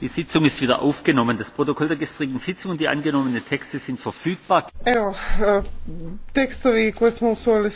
Die Sitzung ist wieder aufgenommen. Das Protokoll der gestrigen Sitzung und die angenommenen Texte sind verfügbar. Evo, e, koje smo